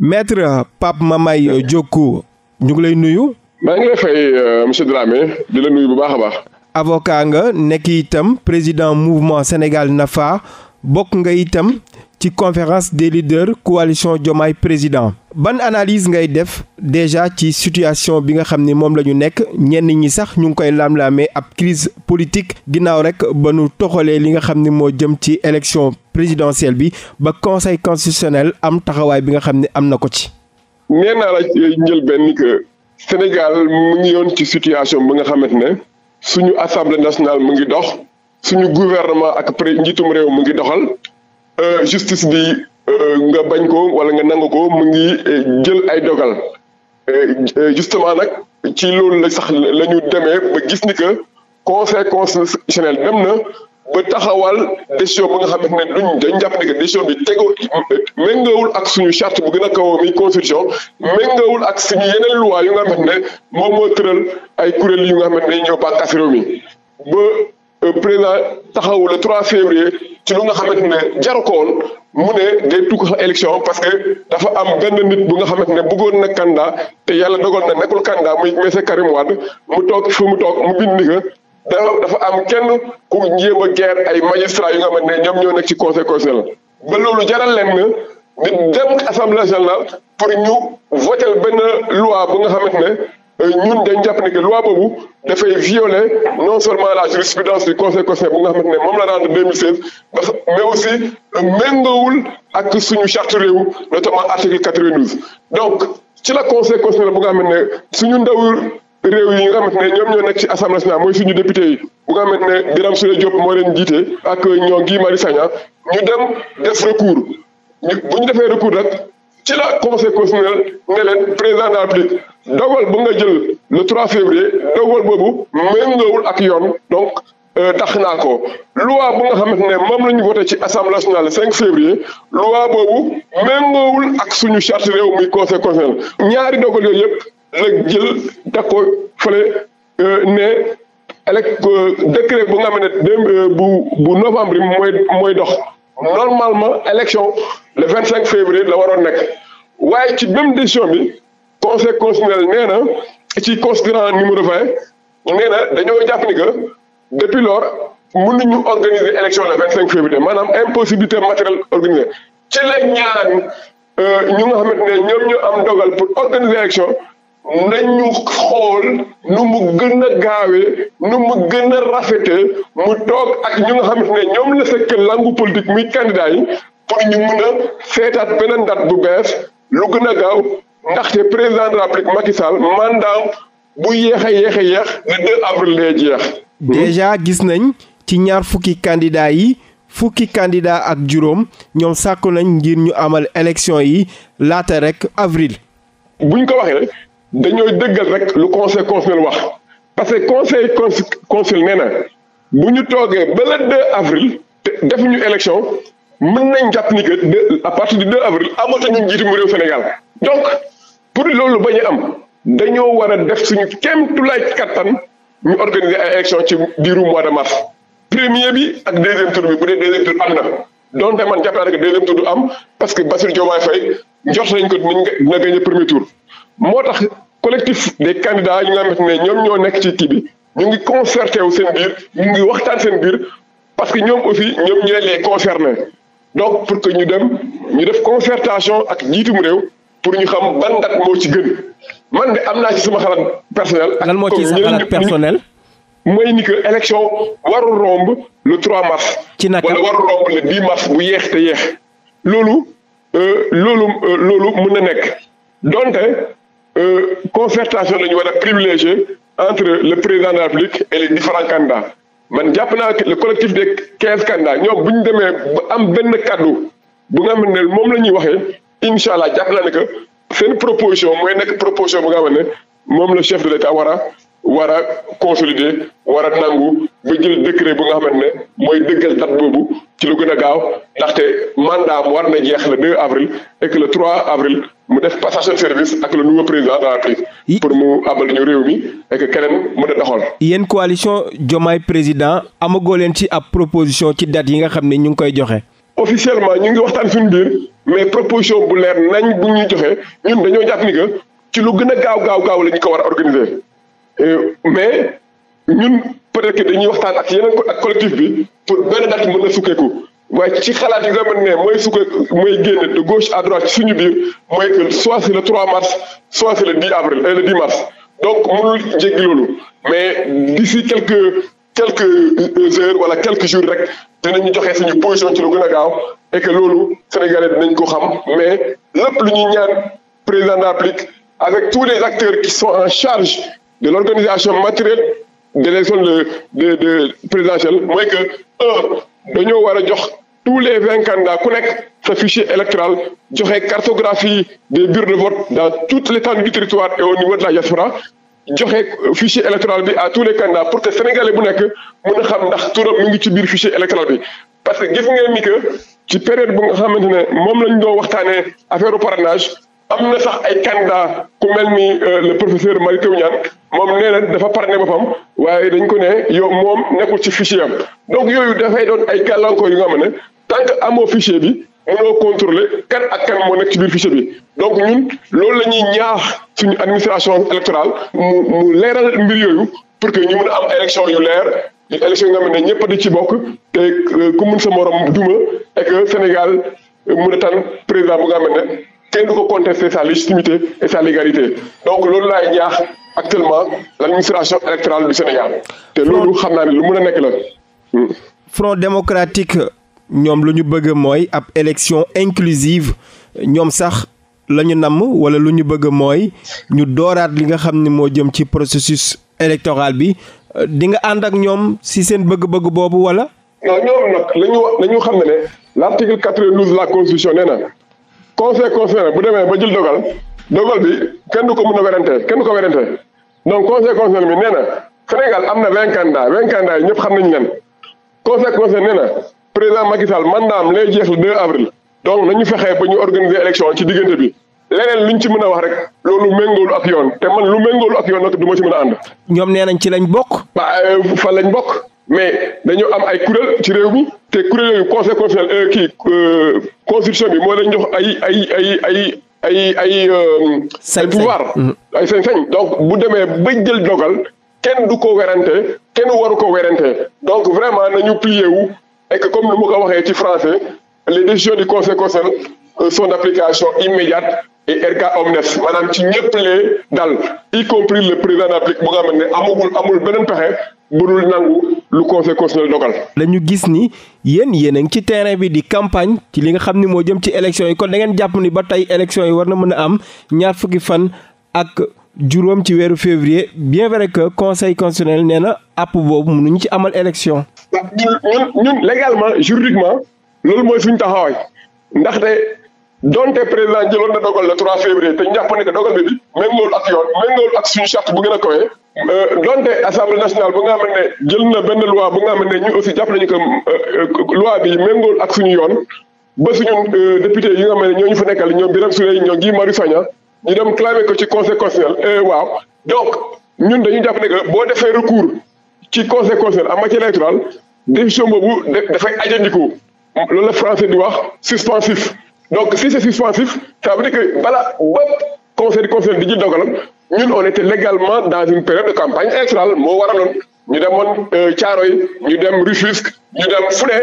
maître Pape Mamay Diokou ñu ngi lay nuyu. maa ngi fay euh, monsieur Dramé di la nuyu bu ba a nga nekk itam président mouvement Sénégal Nafa bokk nga itam ci conférence des leaders coalition Diomaye président ban analyse ngay def déjà ci situation bi nga xam ni moom la ñu nekk ñenn ñi sax ñu ngi koy laam-laamee ab crise politique ginnaaw rek ba nu toxalee li nga xam ni moo jëm ci élection présidentielle bi ba conseil constitutionnel am taxawaay bi nga xam ni am na ko ci. nee naa la njëlbeen que Sénégal mu ngi yoon ci situation bu nga xamante ne suñu assemblée nationale mu ngi dox suñu gouvernement ak pré mu ngi doxal. Euh, justice bi euh, nga bañ ko wala nga nangu ko mu ngi euh, jël ay dogal justement nag ci loolu la sax la ñu demee ba gis ni que conseil constitutionnel dem na ba taxawal décision ba nga xam ne duñ dañ jàpp ne que décision bi tegoo méngoowul ak suñu charte bu gën a kaw mi constitution méngoowul ak suñu yeneen loi yu nga xamante ne moom moo tëral ay kuréel yu nga xamante ne ñoo bànqaas réew mi ba Euh, président taxawu le 3 février ci lu nga xamante ne jaru ko woon mu ne day tukk élection parce que dafa am benn nit bu nga xamante ne buggoon nag candidat te yàlla dogal na nekkul candidat muy monsieur Karim Wade mu toog fi mu toog mu bind nga dafa am kenn ku njéem a guerre ay magistrats yu nga xamante ne ñoom ñoo nekk ci conseil constitutionnel ba loolu jaral leen na nit dem assemblée nationale pour ñu voter benn loi bu nga xamante ne. ñun dañ jàpp ne que loi bu dafay violer non seulement la jurisprudence du conseil constitutionnel bu nga xamante ne moom la rendre 2016 parce mais aussi méngoowul ak suñu charte réew notamment article 92 donc ci la conseil constitutionnel bu nga xamante ne suñu ndaw réew yi nga xamante ne ñoom ñoo nekk ci assemblée nationale mooy suñu député yi bu nga xamante ne Birame Souleye Diop moo leen jiite ak ñoo Guy Marius Sagna ñu dem def recours ñu defee recours rek ci la conseil constitutionnel ne leen président de la République dogal bu nga jël le 3 février dogal boobu méngoowul ak yoon donc euh, tax naa ko loi bu nga xamante ne moom la ñu voté ci assemblée nationale le 5 février loi boobu méngoowul ak suñu charte réew muy conseil ñaari dogal yooyu yëpp la jël teg ko fële euh, ne elec euh, décret bu nga xam ne bu bu novembre bi mooy mooy dox normalement élection le vingt cinq février la waroon nekk waaye ci même décision bi conseil constitutionnel nee na ci considérant numéro vingt nee na dañoo jàpp ni que depuis lors mënuñu organiser élection le vingt cinq février maanaam impossibilité matérielle organisée ci la ñaan euh, ñu nga xamante ne ñoom ñu am dogal pour organiser élection nañu xool nu mu gën a nu mu gën a rafetee mu toog ak ñu nga xamante ne ñoom la sekk langu politique muy candidat pour ñu mën a seetaat beneen date bu bees lu gën a gaaw ndaxte président de la République Macky Sall mandaam bu yéex a yéex a avril lay jeex. déjà gis nañ ci ñaar fukki candidat yi. fukki candidat ak juróom ñoom sàkku nañ ngir ñu amal élection yi laata rek avril. buñ ko waxee dañoo dëggal rek lu conseil constitutionnel wax parce que conseil constitutionnel nee na bu ñu toogee ba le 2 avril te defuñu élection mën nañ jàpp ni que de à partir du 2 avril amatuñu njiitum réew Sénégal donc pour loolu bañ a am dañoo war def suñu kéemtulaay kattan ñu organiser ay élections ci diiru mois de mars premier bi ak deuxième tour bi bu dee deuxième am na donte man jàpp naa ne que deuxième tour am parce que Bassirou Diomaye Faye njort nañ ko dina moo tax collectif des candidats yi nga xamante ne ñoom ñoo nekk ci kii bi ñu ngi concerté wu seen biir ñu ngi waxtaan seen biir parce que ñoom aussi ñoom ñu ne les concernés donc pour que ñu dem ñu def consertation ak jiitumu réew pour ñu xam ban ndat moo ci gën man de am naa ci sama xalaat personnel. lan moo ci sa mooy ni que élection warul romb lu 3 mars. ci naka wala warul romb le 10 mars bu yeex te yeex loolu euh, loolu euh, loolu mën na nekk donte euh, concertation la ñu war a entre le président de la République et les différents candidats. man jàpp naa que le collectif des quinze candidats ñoom bu ñu demee ba am benn kàddu bu nga ne moom la ñuy waxee incha allah jàpp naa ne seen proposition mooy nekk proposition bu nga xam ne moom la chef de l'état war a war a consolider war a nangu ba jël décret bu nga xamante ne mooy dëggal date boobu ci lu gën a gaaw ndaxte mandat bu war na jeex le 2 avril et que le 3 avril mu def passation de service ak le nouveau président de pour mu abal ñu réew mi et que keneen mën a doxal. yéen coalition Diomaye président amagoo leen ci ab proposition ci date yi nga xam ne ñu ngi koy joxe. officiellement ñu ngi waxtaan suñu biir mais proposition bu leer nañ bu ñuy joxe ñun dañoo jàpp ni que ci lu gën a gaaw gaaw gaaw la ñu ko war a organiser euh, mais ñun peut-être que dañuy waxtaan ak yeneen ko ak collectif bi pour benn date mën waaye ci xalaat yi nga mën ne mooy su ko mooy génne de gauche à droite suñu biir mooy que soit c'est le trois mars soit c'est le 10 avril euh, le 10 mars donc mënul jéggi loolu mais d'ici quelques quelques euh, heures wala quelques jours rek ñu joxe suñu position ci lu gën a que loolu sénégalais nañ ko xam mais lépp lu ñuy ñaan président de la République avec tous les acteurs qui sont en charge de l'organisation matérielle de l'élection de de présidentielle mooy que dañoo war a jox tous les vingt candidats ku nekk sa fichier électoral joxe cartographie des bureaux de vote dans toute l'étendue du territoire et au niveau de la diaspora joxe fichier électoral bi à tous les candidats pour que sénégalais bu nekk mën a xam ndax turam mi ngi ci biir fichier électoral bi parce que gis ngeen ni ci période bu nga xamante ne moom lañ doo waxtaanee affaire parrainage am na sax ay candidat ku mel ni euh, le professeur Mary Teuw Niane moom nee na dafa parrainé boppam waaye dañ ko ne yow moom nekkul ci fichier am donc yooyu dafay doon ay gàllankoor yu nga xam ne tant que amoo fichier bi mënoo contrôler kan ak kan moo nekk ci biir fichier bi donc ñun loolu la ñuy ñaax suñu administration électorale mu mu leeral mbir yooyu pour que ñu mën a am élection yu leer élection yi nga xam ne ñëpp di ci bokk te euh, ku mun sa morom duma et Sénégal mën a tànn président bu nga kenn du ko contester sa légitimité et sa légalité donc loolu laay ñaax actuellement l' administration électorale du Sénégal te loolu xam naa ne lu mën a nekk la. Hmm. Front démocratique ñoom lu ñu bëgg mooy ab élection inclusive ñoom sax lañu ñu namm wala lu ñu bëgg mooy ñu dooraat li nga xam ni moo jëm ci processus électoral bi euh, di nga ànd ak ñoom si seen bëgg-bëgg boobu wala. non ñoom nag la ñu xam ne ne l' article quatre vingt la constitution nee conseil constitutionnel bu demee ba jël dogal dogal bi kenn du ko mën a werante kenn du ko werante donc conseil constitutionnel bi nee na Sénégal am na vingt candidats vingt candidats yi ñëpp xam nañu leen conseil constitutionnel nee na président Macky Sall mandaam lay jeex le 2 avril donc nañu fexee ba ñu organiser élection ci diggante bi leneen luñ ci mën a wax rek loolu méngoolu ak yoon te man lu méngoolu ak yoon nag du ma ci mën a ànd. ñoom nee nañ ci lañ bokk. Euh, fa fan lañ bokk. mais dañoo am ay kuréel ci réew mi te kuréel yooyu conseil constitutionnel euh, kii euh, constitution bi moo na jox ay ay ay ay ay ay euh, ay pouvoir mm-hmm. ay sañ-sañ donc bu demee ba jël dogal kenn du ko werante kenn waru ko werante donc vraiment nañu plié wu et comme lu ma ko waxee ci français les décisions du conseil constitutionnel sont d'application immédiate et erga omnes maanaam ci ñëpp lee dal y compris le président de la ne amagul amul beneen pexe budul nangu lu conseil constitutionnel dogal. dañu gis ni yéen yéen a ngi ci terrain bi di campagne ci li nga xam ni moo jëm ci élection yi kon da ngeen jàpp ni ba tey élection yi war na mën na am ñaar fukki fan ak juróom ci weeru février bien vrai que conseil constitutionnel nee na app boobu mënuñu ci amal élection. ñun ñun légalement juridiquement loolu mooy suñu taxawaay ndaxte. donte président jëloon na dogal le 3 février te ñu dogal bi bi méngool ak yoon ak suñu Euh, donte assemblée nationale ba nga xam ne jël na benn loi bu nga xam ne ñu aussi jàpp nañu que euh, loi bi méngool ak suñu yoon ba suñu euh, député yi nga xam ne ñooñu fa nekkal ñoom Birame Souleye ñoom Guy Marius Sagna ñu dem clamer ko ci conseil constitutionnel waaw donc ñun dañu jàpp ne que boo defee recours ci conseil constitutionnel en matière électorale décision boobu dafay ajandiku loolu la français di wax suspensif donc si c'est suspensif ça veut dire que bala bopp conseil constitutionnel di jël ñun on était légalement dans une période de campagne électorale moo waraloon ñu demoon euh, Thiaroye ñu dem Rufisque ñu dem fu ne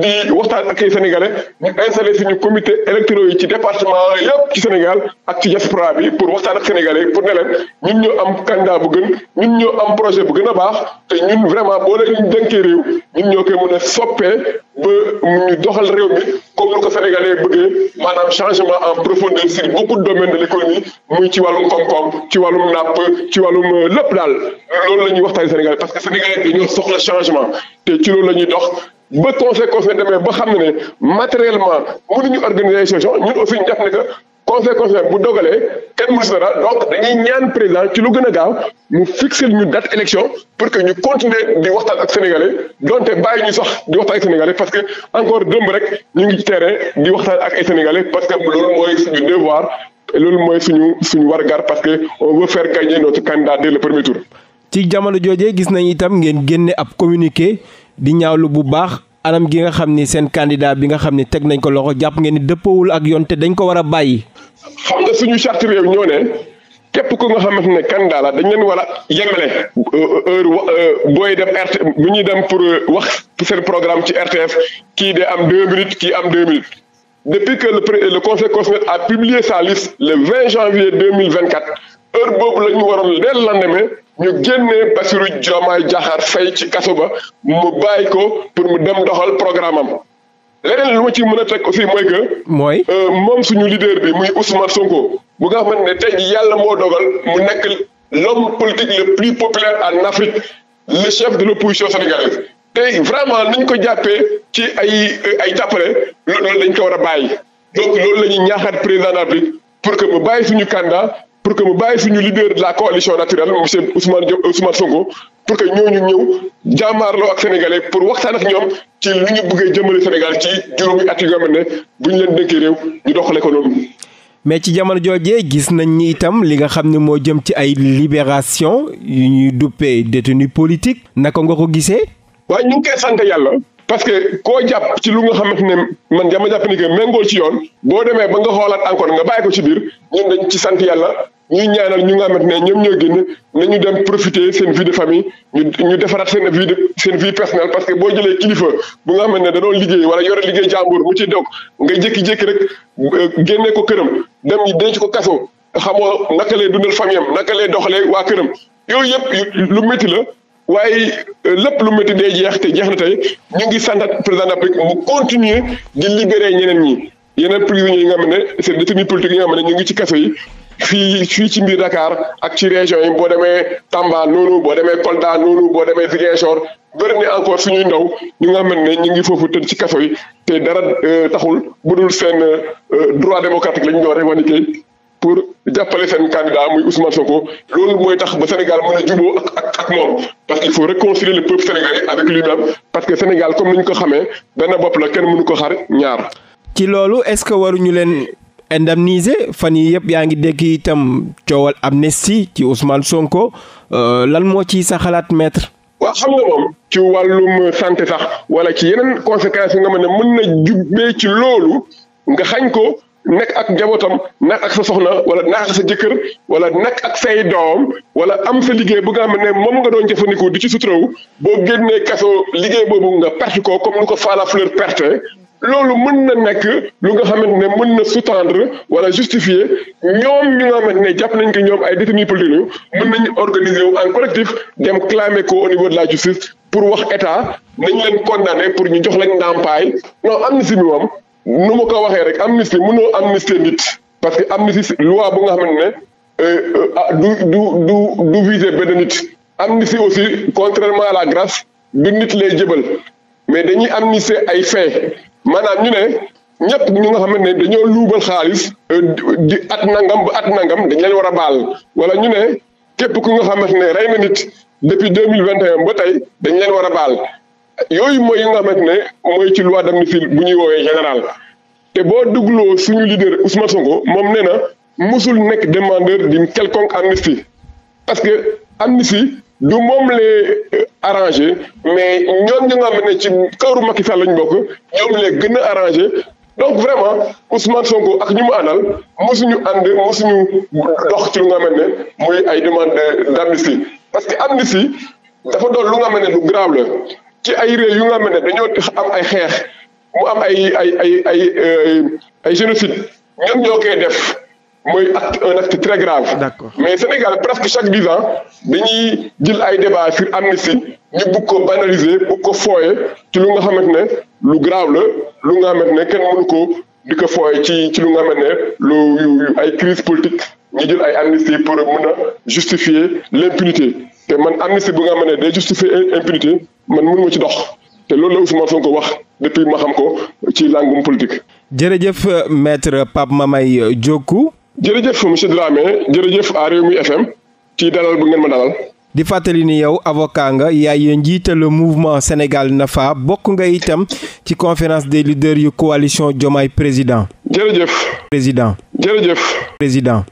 di waxtaan ak ay sénégalais ñu installé suñu commité électoraux yi ci département yëpp ci Sénégal ak ci diaspora bi pour waxtaan ak sénégalais pour ne leen ñun ñoo am candidat bu gën ñun ñoo bu gën a baax te ñun vraiment boo leen dénkee réew ñun ñoo koy mën a soppee ba mu ñu doxal réew mi comme lu ko sénégalais bëggee maanaam changement en profondeur sur beaucoup de domaines de l'économie muy ci wàllum koom ci wàllum napp ci wàllum lépp daal loolu la ñuy waxtaan Sénégal parce que sénégalais dañoo soxla changement te ci loolu la ñuy dox ba conseil conseil demee ba xam ne ne matériellement mënuñu organiser session ñun aussi ñu def ne que conseil conseil bu dogalee kenn mënu si dara donc dañuy ñaan gën a gaaw mu fixer ñu date élection pour que ñu continuer di waxtaan ak sénégalais donte bàyyi ñu sax di waxtaan ak sénégalais parce que encore dëmb rek ñu ngi ci terrain di waxtaan ak ay sénégalais parce que loolu mooy suñu devoir et loolu mooy suñu suñu wargar parce que on veut faire gagner notre candidat dès le premier ci jamono joojee gis nañ itam ngeen génne ab communiqué di ñaawlu bu baax anam gi nga xam ni seen candidat bi nga xam ni teg nañ ko loxo jàpp ngeen ni dëppawul ak yoon te dañ ko war a bàyyi. xam nga suñu charte réew ñoo ne képp ko nga xamante ne candidat la dañ leen war a yemale euh, euh, heure euh, booy dem RT bu ñuy dem pour wax seen programme ci RTS kii de am deux kii am deux minutes depuis que le le conseil constitutionnel a publié sa liste le 20 janvier heure boobu la ñu waroon leen lendemain ñu génnee Bassirou Diomaye Diakhar Faye ci kaso ba mu bàyyi ko pour mu dem doxal programme am leneen lu ma ci mën a teg aussi mooy que. mooy euh, moom suñu leader bi muy Ousmane Sonko bu nga xamante ne te yàlla moo dogal mu nekk l'homme politique le plus populaire en Afrique le chef de l'opposition sénégalaise te vraiment niñ ko jàppee ci ay euh, ay jàppale loolu dañ ko war a bàyyi donc loolu la ñuy ñaaxaat président de pour que mu bàyyi suñu candidat. pour que mu bàyyi suñu leader de la coalition naturelle monsieur Ousmane Diop Ousmane Sonko pour que ñooñu ñëw jàmmaarloo ak sénégalais pour waxtaan ak ñoom ci lu ñu bëggee jëmale Sénégal ci juróomi at yi nga ne bu ñu leen dénkee réew ñu doxale ko noonu. mais ci jamono jooje gis nañ ni itam li nga xam ne moo jëm ci ay libération yu ñuy duppee détenu politique naka nga ko gisee. waaye ñu ngi koy sant yàlla parce que koo jàpp ci lu nga xamante ne man dama jàpp ni que méngoo ci yoon boo demee ba nga xoolaat encore nga bàyyi ko ci biir ñun dañ ci sant yàlla ñuy ñaanal ñu nga xamante ne ñoom ñoo génn nañu dem profiter seen vie de famille ñu ñu defaraat seen vie de seen vie personnelle parce que boo jëlee kilifa bu nga xamante ne da liggéey wala yore liggéey jàmbur mu ci dog nga jékki-jékki rek euh, génne ko këram dem ñu denc ko kaso xamoo naka lay dundal famille am naka lay doxalee waa këram yooyu yëpp lu métti la waaye euh, lépp lu métti day jeex te jeex na tey ñu ngi santat président de la République mu continuer di libérer ñeneen ñi yeneen prisonniers yi nga xam ne c'est détenus politiques yi nga xam ne ñu ngi ci kaso yi fii fii ci mbir Dakar ak ci région yi boo demee Tamba noonu boo demee Kolda nu boo demee Ziguinchor bëri na encore suñuy ndaw ñu nga xam ne ñu ngi foofu tëdd ci kaso yi te dara euh, taxul budul seen euh, droit démocratique la ñu doon revendiquer pour jàppale seen candidat muy Ousmane Sonko loolu mooy tax ba Sénégal mën a juboo ak ak ak moom parce qu'il faut réconcilier le peuple sénégalais avec lui-même parce que Sénégal comme ni ñu ko xamee benn bopp la kenn mënu ko xar ñaar. ci loolu est-ce que waruñu leen indemniser fan yi yëpp yaa ngi dégg itam coowal amnistie ci Ousmane Sonko euh, lan moo ci sa xalaat maître. waa xam nga moom ci wàllum santé sax wala ci yeneen conséquence yi nga xam ne mën na jubbee ci loolu nga xañ ko. nekk ak njabootam nekk ak sa soxna wala nekk ak sa jëkkër wala nekk ak say doom wala am sa liggéey bu nga xam ne moom nga doon jëfandiku di ci sutraw boo génnee kaso liggéey boobu nga perte ko comme lu ko Falla Fleur perte loolu mën na nekk lu nga xamante ne mën na sous-tendre wala justifier ñoom ñu nga xamante ne jàpp nañ ko ñoom ay détenus politiques ñu mën nañu organiser wu en collectif dem clamer ko au niveau de la justice pour wax état nañ leen condamné pour ñu jox leen ndàmpaay non am na si moom nu ma ko waxee rek amnistie mënoo amnistie nit parce que amnistie loi bu nga xamante ne euh, euh, ah, du du du du viser benn nit amnistie aussi contrairement à la grâce du nit lay jëbal mais dañuy amnistie ay fait maanaam ñu ne. ñëpp ñu nga xamante ne dañoo luubal xaalis euh, di at nangam ba at nangam dañ leen war a baal wala ñu ne képp ku nga xamante ne rey na nit depuis deux mille vingt et un ba tey dañ leen war a baal yooyu mooy yi nga xamante ne mooy ci loi d'amnistie bu ñuy woowee général te boo dugloo suñu leader Ousmane Sonko moom nee na musul nekk demandeur d'une quelconque amnistie parce que amnistie du moom les euh, arrangé mais ñoom ñu nga xam ne ci këru Macky Sall lañ bokk ñoom les gën a arrangé donc vraiment Ousmane Sonko ak ñu mu àndal mosuñu ànd mosuñu dox ci lu nga xam ne mooy ay demande d'amnistie parce que amnistie dafa doon lu nga xam ne lu grave ci ay réew yu nga xam ne dañoo am ay xeex mu am ay ay ay ay euh, ay génocide ñoom ñoo koy def mooy acte un acte très grave. mais Sénégal presque chaque dix ans dañuy jël ay débat sur amnistie ñu bugg ko banaliser bugg ko fooye ci lu nga xamante ne lu grave la lu nga xamante ne kenn mënu ko di ko fooye ci ci lu nga xamante ne lu ay crise politique ñu jël ay amnistie pour mën a justifier l'impunité te man amnistie bu nga ma ne day justifier impunité man mënu ma ci dox te loolu la Ousmane Sonko wax depuis ma xam ko ci langum politique. jërëjëf euh, maître Pape Mamay Diockou. jërëjëf monsieur Dramé jërëjëf à ci dalal bu ngeen ma dalal. di fàttali ni yow avocat nga yaay njiital mouvement Sénégal Nafa bokk nga itam ci conférence de leaders yu coalition Diomaye président. jërëjëf. président. jërëjëf. président.